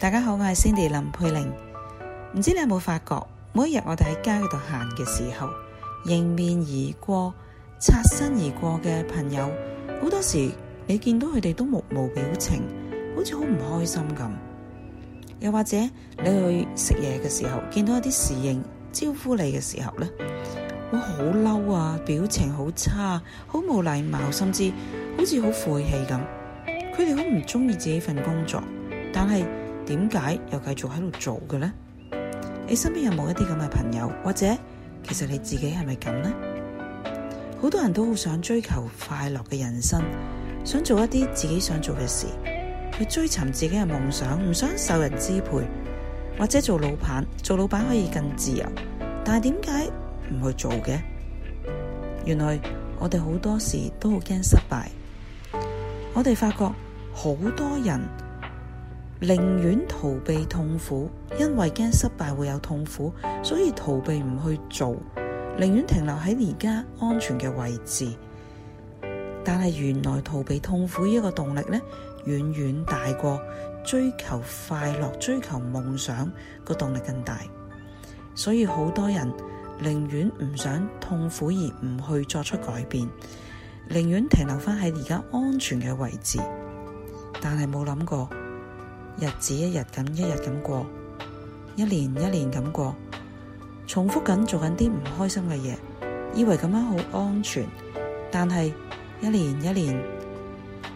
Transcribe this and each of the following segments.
大家好，我係 Cindy 林佩玲。唔知你有冇發覺，每一日我哋喺街嗰度行嘅時候，迎面而過、擦身而過嘅朋友，好多時你見到佢哋都目無表情，好似好唔開心咁。又或者你去食嘢嘅時候，見到一啲侍應招呼你嘅時候呢我好嬲啊，表情好差，好冇禮貌，甚至好似好晦氣咁。佢哋好唔中意自己份工作，但係。點解又繼續喺度做嘅呢？你身邊有冇一啲咁嘅朋友，或者其實你自己係咪咁呢？好多人都好想追求快樂嘅人生，想做一啲自己想做嘅事，去追尋自己嘅夢想，唔想受人支配，或者做老闆，做老闆可以更自由。但係點解唔去做嘅？原來我哋好多時都好驚失敗。我哋發覺好多人。寧願逃避痛苦，因為驚失敗會有痛苦，所以逃避唔去做，寧願停留喺而家安全嘅位置。但係原來逃避痛苦呢個動力咧，遠遠大過追求快樂、追求夢想個動力更大。所以好多人寧願唔想痛苦而唔去作出改變，寧願停留翻喺而家安全嘅位置，但係冇諗過。日子一日咁一日咁過，一年一年咁過，重複緊做緊啲唔開心嘅嘢，以為咁樣好安全，但係一年一年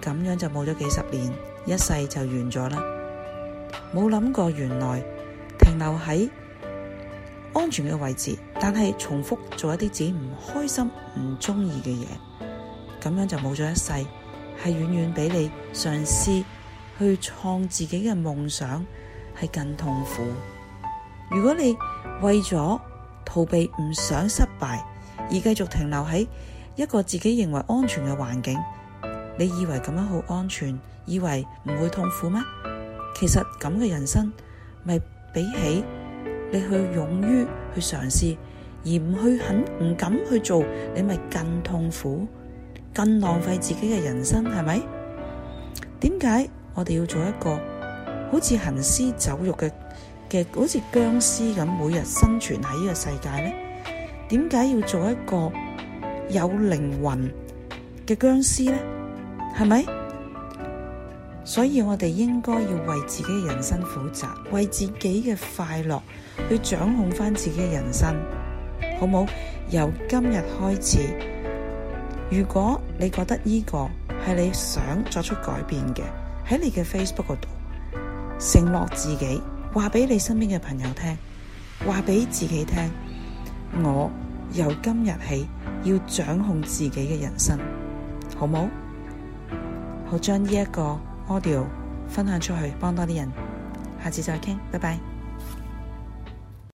咁樣就冇咗幾十年，一世就完咗啦。冇諗過原來停留喺安全嘅位置，但係重複做一啲自己唔開心、唔中意嘅嘢，咁樣就冇咗一世，係遠遠比你上司去創自己嘅夢想係更痛苦。如果你為咗逃避唔想失敗而繼續停留喺一個自己認為安全嘅環境，你以為咁樣好安全，以為唔會痛苦咩？其實咁嘅人生咪比起你去勇於去嘗試而唔去肯唔敢去做，你咪更痛苦，更浪費自己嘅人生，係咪？點解？我哋要做一個好似行屍走肉嘅嘅，好似僵屍咁每日生存喺呢個世界呢。點解要做一個有靈魂嘅僵屍呢？係咪？所以我哋應該要為自己嘅人生負責，為自己嘅快樂去掌控返自己嘅人生，好冇？由今日開始，如果你覺得呢個係你想作出改變嘅。喺你嘅 Facebook 度，承諾自己，話俾你身邊嘅朋友聽，話俾自己聽，我由今日起要掌控自己嘅人生，好冇？好將呢一個 audio 分享出去，幫多啲人。下次再傾，拜拜。